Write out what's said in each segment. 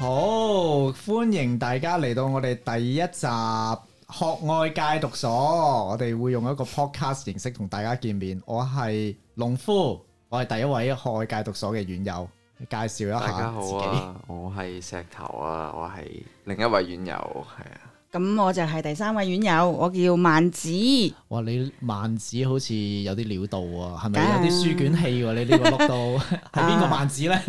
好，歡迎大家嚟到我哋第一集《學愛戒毒所》，我哋會用一個 podcast 形式同大家見面。我係農夫，我係第一位學愛戒毒所嘅院友，介紹一下自己。大家好啊，我係石頭啊，我係另一位院友，係啊。咁我就係第三位院友，我叫萬子。哇，你萬子好似有啲料到係係，當然啊，係咪有啲書卷氣？你呢個碌到係邊個萬子呢？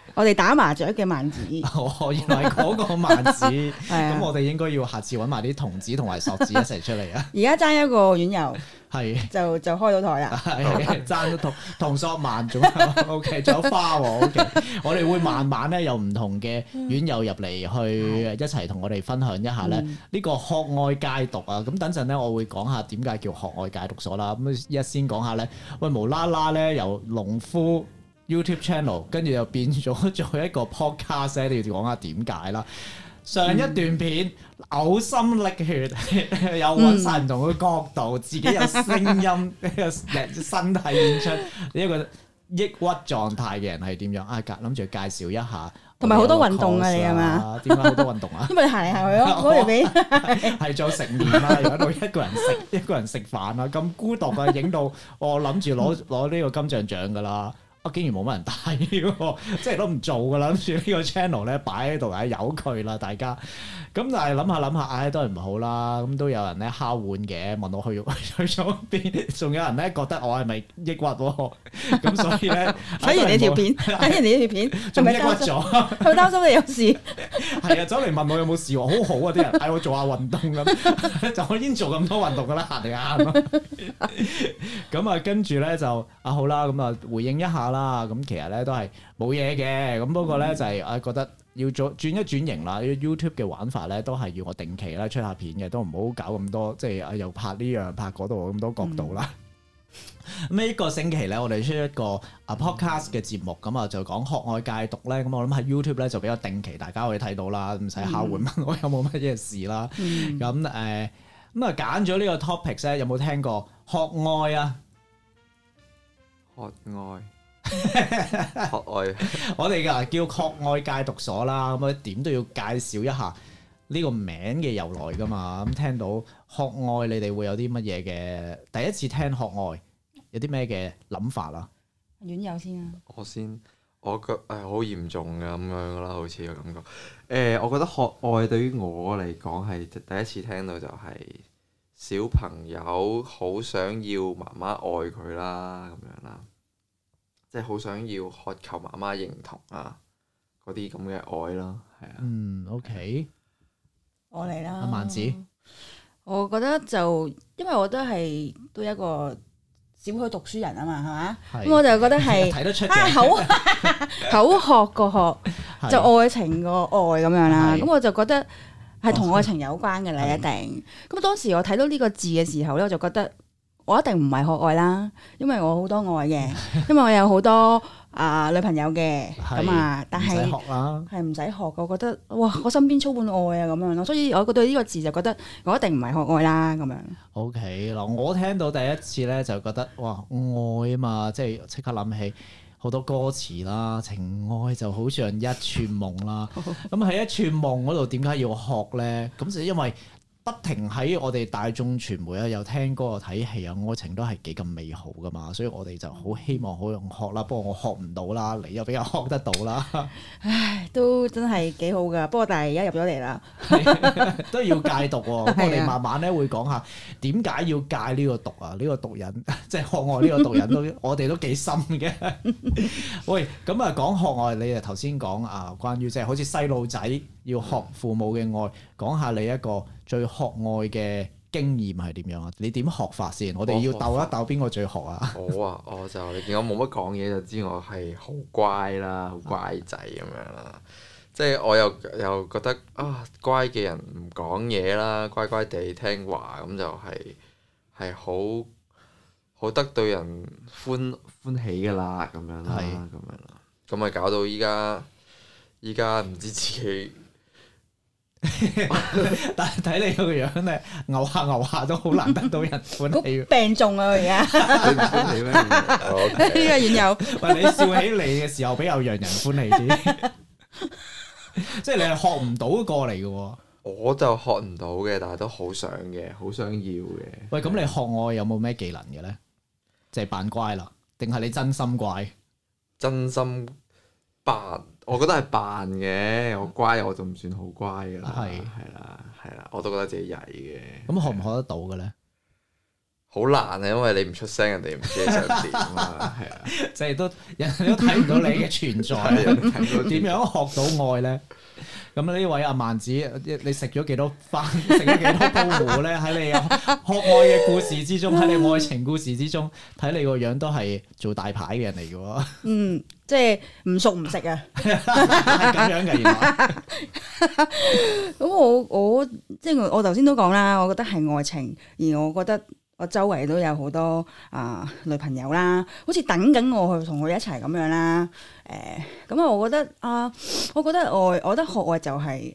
我哋打麻雀嘅萬子，哦， 原來嗰個萬子，咁、 啊、我哋應該要下次揾埋啲筒子同埋索子一齊出嚟 啊！而家爭一個院友，係就就開到台啦，係爭咗筒筒索萬，仲 OK，仲有花，OK， 我哋會慢慢咧，有唔同嘅院友入嚟去一齊同我哋分享一下咧。呢個渴愛戒毒啊，咁、嗯、等陣咧我會講下點解叫渴愛戒毒所啦。咁一先講下咧，喂無啦啦咧由農夫。YouTube channel 跟住又變咗做一個 podcast 你要講下點解啦？上一段片嘔、嗯、心瀝血，呵呵有揾晒唔同嘅角度，嗯、自己有聲音，呢個、嗯、身體演出呢一個抑鬱狀態嘅人係點樣？啊，格諗住介紹一下，同埋好多運動啊。啊你係嘛？點解好多運動啊？ 因為行嚟行去咯，我嚟俾係做食麵啊！我一個人食，一個人食飯啊！咁孤獨啊，影到我諗住攞攞呢個金像獎噶啦～ 竟然冇乜人睇喎，即係都唔做噶啦，諗、這、住、個、呢個 channel 咧擺喺度，唉，由佢啦，大家。咁但係諗下諗下，唉、哎，都係唔好啦。咁都有人咧敲碗嘅，問我去去咗邊，仲有人咧覺得我係咪抑鬱？咁、嗯、所以咧睇、哎、完你條片，睇、哎、完你條片，仲抑鬱咗，好擔心你有事。係啊 哈哈， 走嚟問我有冇事，好好啊啲人，嗌、哎、我做下運動咁，就我已經做咁多運動噶啦，行嚟行去。咁啊、嗯嗯，跟住咧 話、嗯、就啊好啦，咁啊回應一下。啦，咁其實咧都係冇嘢嘅，咁不過咧就係啊覺得要做轉一轉型啦，YouTube 嘅玩法咧都係要我定期咧出下片嘅，都唔好搞咁多，即係啊又拍呢樣拍嗰度咁多角度啦。咁呢個星期咧，我哋出一個啊 podcast 嘅節目，咁啊就講渴愛戒毒咧，咁我諗喺 YouTube 咧就比較定期，大家可以睇到啦，唔使下回問我有冇乜嘢事啦。咁誒，咁啊揀咗呢個 topics 咧，有冇聽過渴愛啊？渴愛。 渴愛 我，我哋啊叫渴愛戒毒所啦，咁樣點都要介紹一下呢個名嘅由來噶嘛。咁、嗯、聽到渴愛，你哋會有啲乜嘢嘅？第一次聽渴愛，有啲咩嘅諗法啦？院友先啊，我先，我覺誒好嚴重噶咁樣啦，好似個感覺。誒、呃，我覺得渴愛對於我嚟講係第一次聽到，就係小朋友好想要媽媽愛佢啦，咁樣啦。即係好想要渴求媽媽認同啊，嗰啲咁嘅愛、嗯 okay、啦，係啊。嗯，OK，我嚟啦。阿萬子，我覺得就因為我都係都一個小區讀書人啊嘛，係嘛，咁的我就覺得係睇 得出嘅口 口學個學 的就愛情個愛咁樣啦。咁的我就覺得係同愛情有關嘅啦，的一定。咁的當時我睇到呢個字嘅時候咧，我就覺得。我一定唔係渴愛啦，因為我好多愛嘅，因為我有好多啊女朋友嘅，咁啊，但係學啦係唔使學，我覺得哇，我身邊充滿愛啊，咁樣咯，所以我對呢個字就覺得我一定唔係渴愛啦，咁樣。O K，嗱，我聽到第一次咧，就覺得哇，愛啊嘛，即係即刻諗起好多歌詞啦，情愛就好像一串夢啦，咁喺一串夢嗰度，點解要渴咧？咁就因為。不停喺我哋大眾傳媒啊，又聽歌又睇戲啊，愛情都係幾咁美好噶嘛，所以我哋就好希望好用學啦，不過我學唔到啦，你又比較學得到啦。 唉，都真係幾好噶，不過但係而家入咗嚟啦。 都要戒毒、哦，的我哋慢慢咧會講下點解要戒呢個毒啊？呢、這個毒癮，即、就、係、是、渴愛呢個毒癮 都，我哋都幾深嘅。喂，咁啊，講渴愛，你啊頭先講啊，關於即係好似細路仔要渴父母嘅愛，講下你一個最渴愛嘅經驗係點樣啊？你點渴法先？哦、我哋要鬥一鬥邊個最渴啊？我、哦哦、 啊，我就你見我冇乜講嘢就知我係好乖啦，好乖仔咁樣啦。啊啊即係我又又覺得啊，乖嘅人唔講嘢啦，乖乖地聽話咁就係係好好得對人歡歡喜噶啦咁樣啦咁樣啦，咁咪是搞到依家依家唔知自己。但係睇你個樣咧，牛下牛下都好難得到人歡喜。 病重啊而家， 你唔歡喜咩？呢 oh, okay. 個院友，喂 你笑起你嘅時候比較讓人歡喜啲。 即係你係學唔到過嚟嘅、啊，我就學唔到嘅，但係都好想嘅，好想要嘅。喂，咁的你學我有冇咩技能嘅咧？就係、是、扮乖啦，定係你真心乖？真心扮，我覺得係扮嘅。我乖，我就唔算好乖噶啦，係啦的，係啦，我都覺得自己曳嘅。咁學唔學得到嘅咧？好難啊，因為你唔出聲，人哋唔知你想點啊。係 啊，即係 都人哋都睇唔到你嘅存在。睇唔到點樣學到愛咧？咁呢位阿、啊、萬子，你食咗幾多番，食咗幾多煲湖咧？喺你學愛嘅故事之中，喺你愛情故事之中，睇你個樣都係做大牌嘅人嚟嘅。嗯，即係唔熟唔食啊，係咁樣嘅。原來咁我我即係我頭先都講啦，我覺得係愛情，而我覺得。我周圍都有好多啊、呃、女朋友啦，好似等緊我去同佢一齊咁樣啦。誒、呃，咁、嗯、啊，我覺得啊、呃，我覺得愛，我覺得學愛就係、是、誒，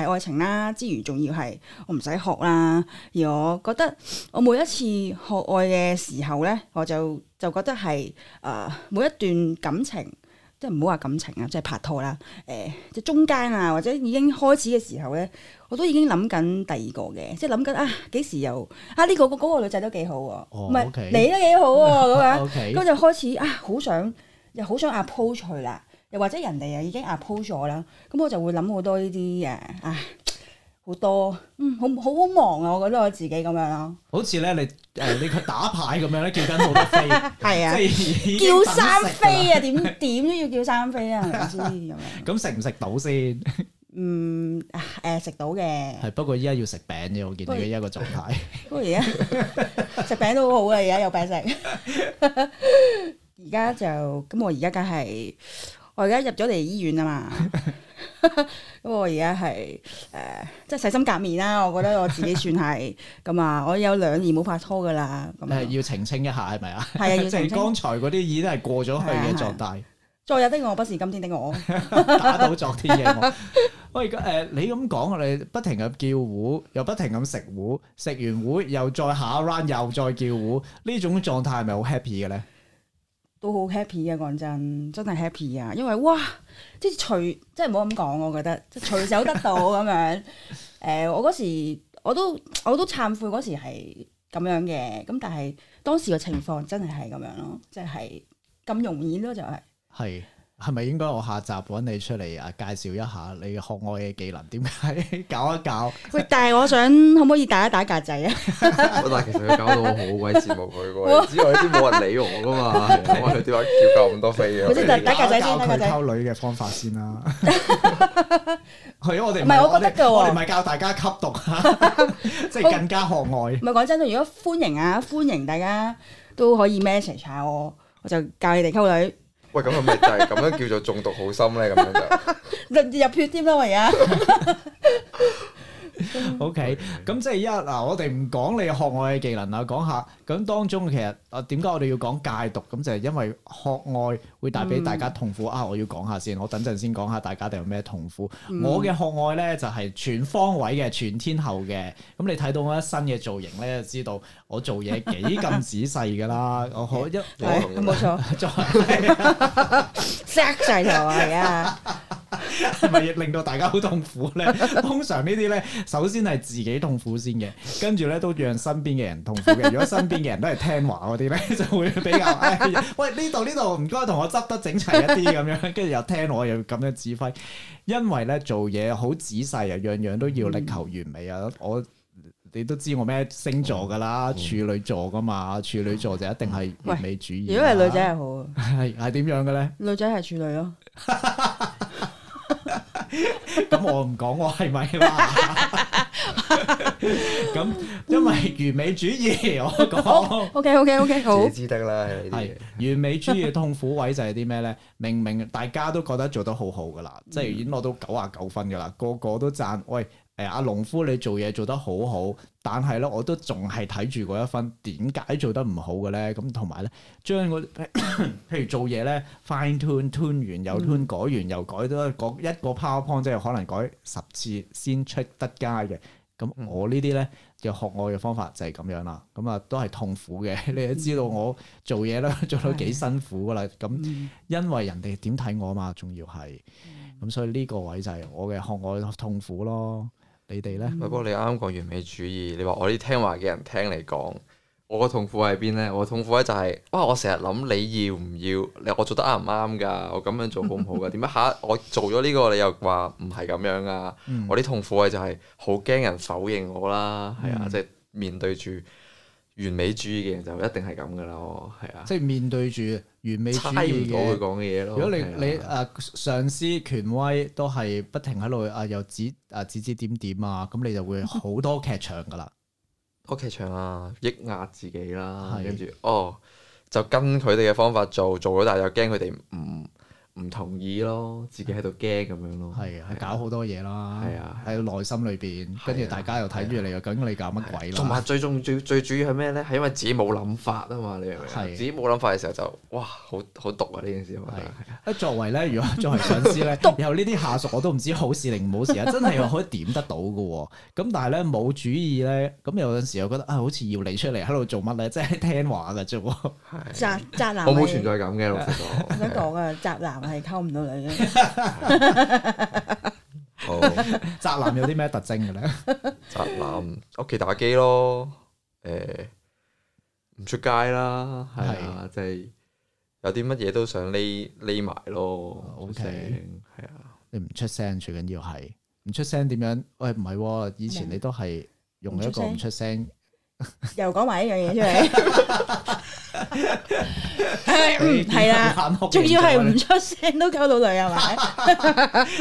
係、呃、愛情啦，之餘仲要係我唔使學啦。而我覺得我每一次學愛嘅時候咧，我就就覺得係誒、呃，每一段感情。即係唔好話感情啊，即係拍拖啦。誒、呃，即中間啊，或者已經開始嘅時候咧，我都已經諗緊第二個嘅，即係諗緊啊，幾時又啊呢、這個嗰、那個女仔都幾好，唔係、哦 okay、你都幾好咁樣，咁 okay 就開始啊，好想又好想 approach 佢啦，又或者人哋啊已經 approach 咗我啦，咁我就會諗好多呢啲誒啊。好多嗯，好好好忙啊！我覺得我自己咁樣咯，好似咧你誒，你去、呃、打牌咁樣咧， 叫緊好多飛，係啊， 叫三飛啊，點點 都要叫三飛啊，唔知咁樣。咁食唔食到先？嗯誒，食到嘅，係不過依家要食餅啫，我見到一個狀態。不過而家食餅都好好啊，而家有餅食。而 家就咁，我而家梗係我而家入咗嚟醫院啊嘛。 不過 我而家係誒，即係洗心革面啦。我覺得我自己算係咁啊，我有兩年冇拍拖㗎喇。咁係 要澄清一下，係咪啊？係啊，要澄清。剛才嗰啲已經係過咗去嘅狀態。昨日 的我不是今天的我， 打倒昨天嘅 我。喂，誒，你咁講，我哋不停咁叫糊，又不停咁食糊，食完糊又再下一 round，又再叫糊，種狀態是是呢種狀態係咪好 happy 嘅咧？都好 happy 嘅，講真，真係 happy 啊！因為哇，即係隨，即係唔好咁講，我覺得即係隨手得到咁樣。誒、 呃，我嗰時我都我都懺悔嗰時係咁樣嘅，咁但係當時嘅情況真係係咁樣咯，即係咁、就係、容易咯、啊、就係、係。係。係咪應該我下集搵你出嚟啊？介紹一下你學愛嘅技能，點解搞一搞？喂，但係我想，可唔可以大家打格仔啊？但係 其實佢搞到好鬼羨慕。佢，只有啲冇人理我噶嘛。咁我哋點解叫咁多飛嘢？嗰啲打，打格仔先，仔先 教佢溝女嘅方法先啦。係啊， 我哋唔係我覺得㗎，我哋唔係教大家吸毒，即 係 更加學愛。唔係講真，如果歡迎啊，歡迎大家都可以 message 下我，我就教你哋溝女。喂，咁係咪就係咁樣叫做中毒好深咧？咁樣就人哋入血添啦，而家。OK，咁即係一嗱，我哋唔講你渴愛嘅技能啦，講下咁當中其實啊，點解我哋要講戒毒？咁就係因為渴愛會帶俾大家痛苦、嗯、啊！我要講下先，我等陣先講下大家哋有咩痛苦。嗯、我嘅渴愛咧就係、是、全方位嘅、全天候嘅。咁你睇到我一身嘅造型咧，就知道我做嘢幾咁仔細噶啦。 我可一冇錯， 再細緻到啊～係咪 令到大家好痛苦咧？通常呢啲咧，首先係自己痛苦先嘅，跟住咧都讓身邊嘅人痛苦嘅。如果身邊嘅人都係聽話嗰啲咧， 就會比較，哎、喂呢度呢度唔該，同我執得整齊一啲咁樣，跟住又聽我又咁樣指揮，因為咧做嘢好仔細啊，樣樣都要力求完美啊！嗯、我你都知我咩星座噶啦，嗯、處女座噶嘛，處女座就一定係完美主義。如果係女仔係好，係係點樣嘅咧？女仔係處女咯。 咁 我唔講我係咪啦？咁 因為完美主義，我 講。OK，OK，OK，好。自己知得啦，係完美主義嘅痛苦位就係啲咩咧？明明大家都覺得做得好好噶啦， 即係攞到都九啊九分噶啦，個個都讚。喂。誒阿、哎、農夫，你做嘢做得好好，但係咧，我都仲係睇住嗰一份。點解做得唔好嘅咧？咁同埋咧，將嗰譬如做嘢咧，fine tune tune, tune 完又 tune 改完又改多一個 power point，即係可能改十次先出得街嘅。咁我呢啲咧嘅渴愛嘅方法就係咁樣啦。咁啊，都係痛苦嘅。你都知道我做嘢咧，做到幾辛苦噶啦。咁因為人哋點睇我嘛，仲要係咁，所以呢個位就係我嘅渴愛痛苦咯。你哋咧？不過你啱啱講完美主義，你話我啲聽話嘅人聽你講，我個痛苦喺邊咧？我痛苦咧就係、是，哇！我成日諗，你要唔要？我做得啱唔啱噶？我咁樣做好唔好噶？點解下我做咗呢、這個，你又話唔係咁樣啊？嗯、我啲痛苦嘅就係好驚人否認我啦，係啊！即係、嗯、面對住完美主義嘅人就一定係咁噶啦，係啊！即係面對住。完美主義嘅，佢講嘅嘢如果你 Okay. 你誒、啊、上司權威都係不停喺度啊，又指啊指指點點啊，咁你就會好多劇場㗎喇，好多 劇場啊，抑壓自己啦，跟住是哦，就跟佢哋嘅方法做，做咗但又驚佢哋唔唔同意咯，自己喺度驚咁樣咯，係啊，搞好多嘢啦，係啊，喺內心裏邊，跟住大家又睇住你，究竟你搞乜鬼咯，同埋最重要、最主要係咩咧？係因為自己冇諗法啊嘛，你明唔明？自己冇諗法嘅時候就哇，好好毒啊呢件事係作為咧，如果作為上司咧，然後呢啲下屬我都唔知好事定唔好事啊，真係可以點得到噶，咁但係咧冇主意咧，咁有陣時我覺得啊，好似要你出嚟喺度做乜咧，即係聽話噶啫喎，宅男，我冇存在感嘅，我想講啊，宅男。係溝唔到你，好，宅男有啲咩特徵嘅咧？宅 男屋企打機咯，誒、呃，唔出街啦，係是啊，即、就、係、是、有啲乜嘢都想匿匿埋咯。OK，係啊，你唔出聲最緊要係唔出聲，點樣？喂、哎，唔係，以前你都係用一個唔出聲。又講埋一樣嘢出嚟、 啊，係係啦，仲要係唔出聲都溝到女係咪？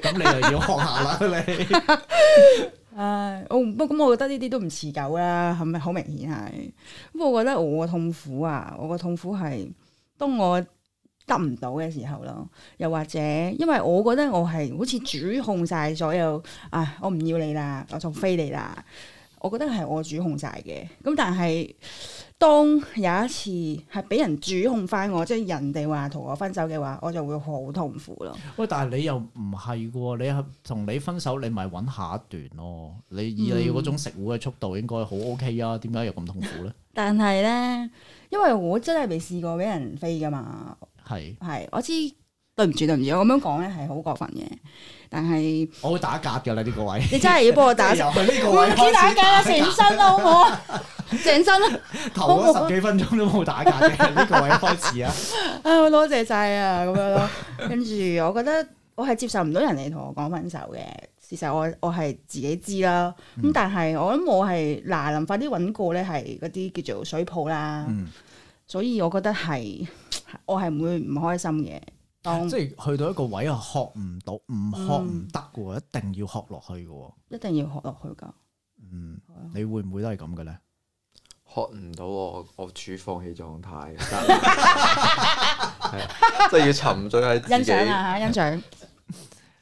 咁、 啊、你就要學下啦你。唉 、啊，我，、啊、我不咁，我覺得呢啲都唔持久啦，係咪好明顯係？不過我覺得我嘅痛苦啊，我嘅痛苦係當我得唔到嘅時候咯，又或者因為我覺得我係好似主控晒所有，唉、啊，我唔要你啦，我就飛你啦。我覺得係我主控晒嘅，咁但係當有一次係俾人主控翻我，即係人哋話同我分手嘅話，我就會好痛苦咯。喂，但係你又唔係嘅，你係同你分手，你咪揾下一段咯。你以你嗰種食糊嘅速度，應該好 OK 啊，點解又咁痛苦咧？ 但係咧，因為我真係未試過俾人飛噶嘛。係係是，我知。對唔住，對唔住，我咁樣講咧係好過分嘅。但係我會打格噶啦呢個位，你真係要幫我打。我唔知打格啦，成 身啦好唔好？成 身啦，頭嗰十幾分鐘都冇打格嘅呢個位開始啊！啊、 哎，多謝晒啊！咁樣咯，跟住 我覺得我係接受唔到人哋同我講分手嘅事實。我我係自己知啦。咁但係我諗我係嗱，臨快啲揾過咧係嗰啲叫做水泡啦。 所以我覺得係我係唔會唔開心嘅。嗯、即係去到一個位啊，學唔到，唔學唔得噶，一定要學落去噶，一定要學落去噶。嗯，嗯你會唔會都係咁嘅咧？學唔到我，我處放棄狀態，係 即係要沉醉喺自己欣賞啊！欣賞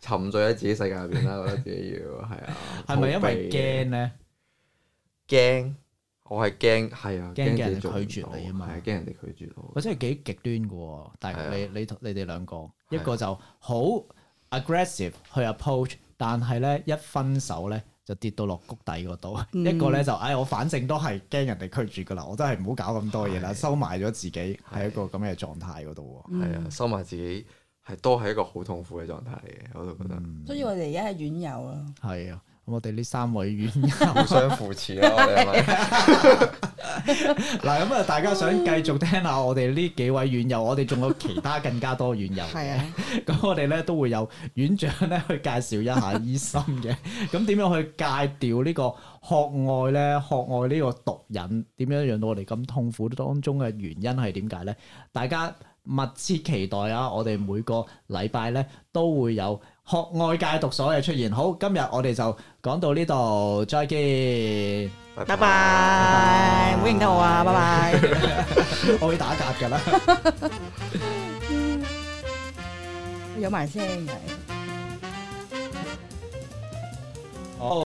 沉醉喺自己世界入邊啦，覺得自己要係啊，係咪 因為驚咧？驚。我係驚，係啊，驚人哋拒絕你啊嘛，係驚、啊、人哋拒絕我。我真係幾極端噶，但係、啊、你你你哋兩個，啊、一個就好 aggressive 去 approach，但係咧一分手咧就跌到落谷底嗰度。嗯、一個咧就唉、哎，我反正都係驚人哋拒絕㗎喇，我都係唔好搞咁多嘢啦，收埋咗自己喺一個咁嘅狀態嗰度。係啊，收埋自己係都係一個好痛苦嘅狀態嚟嘅，我都覺得、嗯。所以我哋而家係院友啊。係啊。我哋呢三位院友互相扶持咯，係咪？嗱，咁啊， 大家想繼續聽下我哋呢幾位院友，我哋仲有其他更加多院友嘅。咁 我哋咧都會有院長咧去介紹一下醫生嘅。咁點樣去戒掉呢個渴愛咧？渴愛呢個毒癮，點樣讓到我哋咁痛苦當中嘅原因係點解咧？大家密切期待啊！我哋每個禮拜咧都會有。學外界讀所有出現。好，今日我哋就講到呢度，再見，拜拜，唔好認得我啊，拜拜，我會打格㗎喇，有埋聲嘅。